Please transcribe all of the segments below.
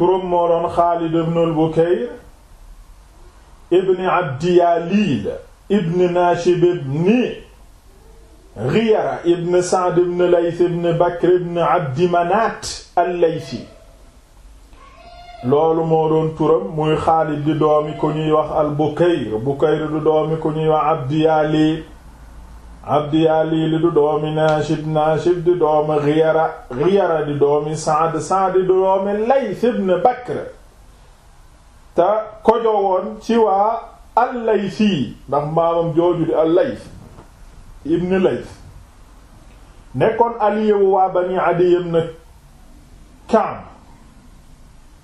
turum moo doon Xaalid ibn al-Bukayr ibn Abdi Yaliil ibn Naashib ibn Ghiyara ibn Sa'd ibn Layth ibn Bakr ibn Abdi Manaat al-Laythi loolu moo doon turam muy Xaalid di doomi ku ñuy wax al-Bukayr Bukayr di doomi ku ñuy wax Abdi Yaliil abdi yaliil du doomi naashib naashib di doomi xiyara xiyara di doomi saad saad di doomi layth ibn bakr te kojo woon ci waa allaythi ndax maamam jooju di allayth ibn layth nekkoon aliyewu waa bani adi ibn kaam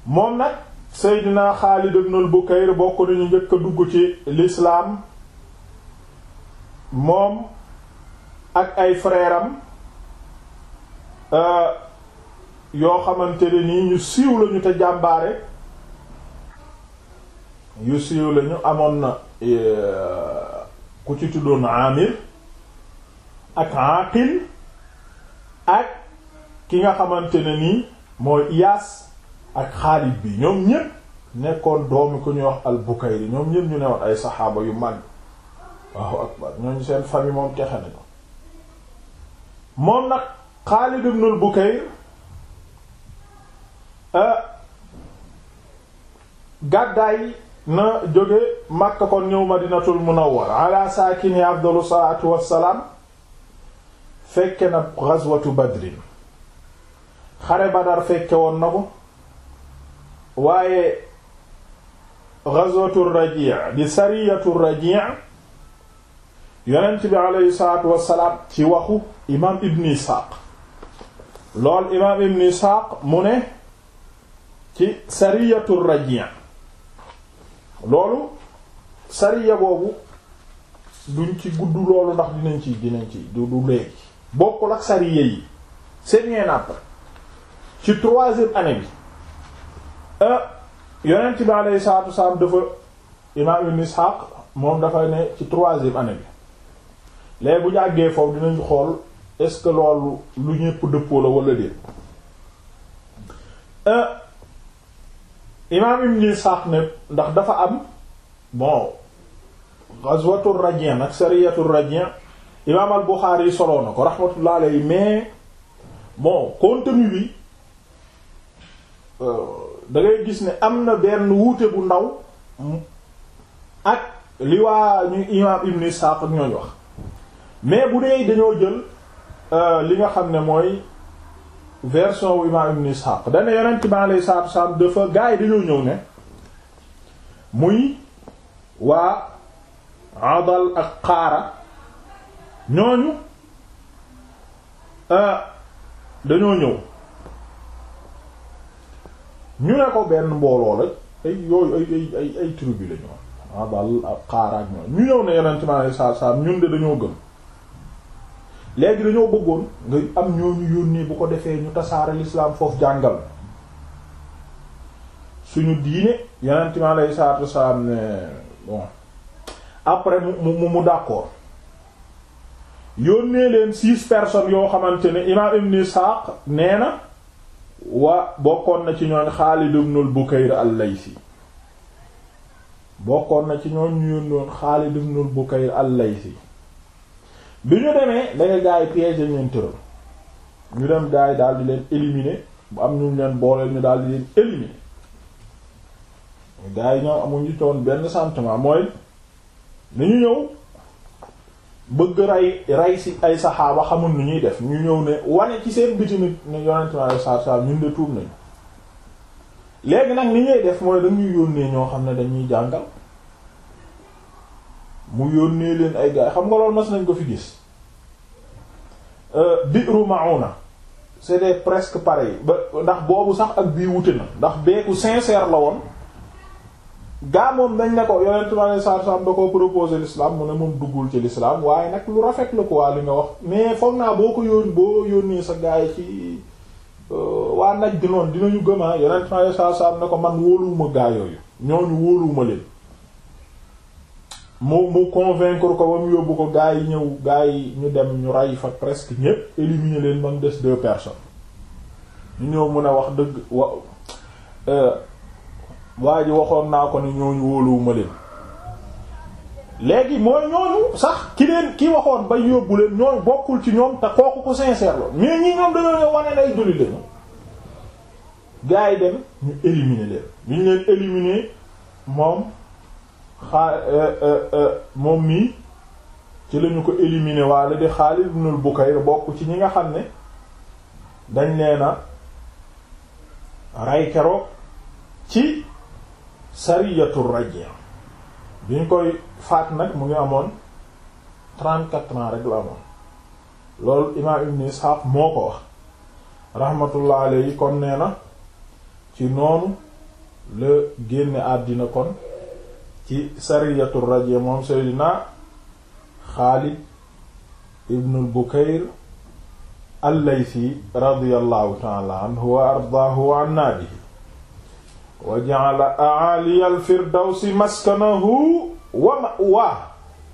moom nag seydina xaalid ibn al bukayr bokk nañu njëkk dugg ci lislam moom ak ay frère euh, yoo xamante ne nii ñu siiw lañu te jàmbaare yu siiw lañu amoon na euh, ku ci tuddoon Amir ak Aqil ak ki nga xamante ne nii mooy Iyaas ak Xaalid bi ñoom ñépp nekkoon doomi ku ñuy wax al-Bukayri ñoom ñépp ñu newoon ay saxaaba yu mag waaw akbar ñooñu seen famille moom texe nañu moom nag Xaalid ibnul Bukayr euh, gàddaay na jóge Makka kon ñëw Madinatul Munawwara ala saakini afdalu salaatu wassalaam fekke na ghazwatu Badrin xare Badar fekke woon na ko waaye ghazwatu Raji' di sariyatu Raji' yonent bi aleyhi salaatu wassalaam ci waxu imaam ibn isxaaq lool imaam ibn isxaaq mu ne ci sariyatu rajian loolu sariya boobu duñ ci gudd loolu ndax dinañ ci dinañ ci du du léegi bokkul ak sariya yi c'est bien après ci troisième année bi euh, yonent bi aleyhi salaatu wassalaam dafa imaam ibn isxaaq moom dafay ne ci troisième année bi léegi bu jàggee àggee foofu dinañ xool est-ce que loolu lu ñëpp dëppoo la wala déet euh, imaam Ibn Ishaq ne ndax dafa am bon ghazwatu Raji' nag sariyatu Raji' imaam al-Bukhari soloo na ko rahmatullah yi mais bon contenu bi euh, da ngay gis ni am na benn wuute bu ndaw ak li waa ñu imaam Ibn Ishaq ñooñ wax mais bu dee dañoo jël euh, li nga xam ne mooy version wu imam ibn Ishaq dane yonent bi alayhi salaatu salaam dafa gars yi dañoo ñëw ne muy waa adal ak xaara ñooñu euh, dañoo ñëw ñu ne ko benn mbooloo la ay yooyu ay ay ay tribu la ñu adal ak xaara ak ñooñu ñu ñëw ne yonent bi alayhi salaatu salaam ñun de dañoo gëm léegi dañoo bëggoon nga am ñooñu yónnee bu ko defee ñu tasaare l'islam foofu jàngal suñu diine yonent mi alayhi salaatu wasalaam ne bon après mu mu mu d'accord yónnee leen six personnes yoo xamante ne imaam ibn Isaaq nee na waa bokkoon na ci ñooñ Xaalid ibn al-Bukayr al bokkoon na ci ñooñ ñu yónnoon Xaalid ibn al-Bukayr bi ñu demee danga gaa yi piège dañ leen tëral ñu dem gaa yi daal di leen éliminer bu am ñu leen booleel ñu daal di leen éliminer gaa yi ñoom amuñu toon benn sentiment mooy ni ñu ñëw bëgg rey ray si ay saxaaba xamul nu ñuy def ñu ñëw ne wane ci seen biti nit ne yonentemale sar sar ñun de tuub nañu léegi nag ni ñuy def mooy dañuy yónnee ñoo xam ne dañuy jàngal mu yónnee leen ay gaay xam nga loolu mas nañ ko fi gis bi euh, Bi'ru Mauna c'était presque pareil ba ndax boobu sax ak bii wuti na ndax beeku sincère la woon gaa moom dañ ne ko yonent bi alei satu ko proposé l'islam mu ne moom duggul ci l'islam waaye nag lu rafet la quoi li nga wax mais foog naa boo ko yóon boo yónnee sa gaay ci euh, waa naj di noonu dinañu gëmaa ah, yonent bi alei satu salaam ne ko man wóoluwuma gaa yooyu ñooñu wóoluwuma leen mu mu convaincre ko ba mu yóbbu ko gaa yi ñëw gaa yi ñu dem ñu rey fa presque ñépp éliminer leen ba mu des de person ñu ñëw mun a wax dëgg wa euh, waa ji waxoon naa ko ni ñooñu wóoluwuma leen léegi mooy ñooñu sax ki leen ki waxoon ba yóbbu leen ñooñu bokkul ci ñoom te kooku ko sincère la mais ñi ñoom dañoo ñëw wane nay julli lañu gaa yi dem ñu éliminer leen ñu leen éliminer moom Eh, eh, eh, moom mii ci lañu ko éliminé waale di Xaalid ibnul Bukayr bokk ci ñi nga xam ne dañ leena rey keroog ci sariyatul rajia biñ koy faat nag mu ngi amoon trente-quatre ans rek la amoon loolu imaam ibn Isxaaq moo ko wax rahmatullah yi kon nee na ci noonu la génne àddina kon ci sariyatu raje moom seydina xaalid ibnul bukayr allaysi radiyallahu taala anhu wa ardaahu wa anna bihi wa ja'ala a'ali al firdawsi maskanahu wa ma'waahu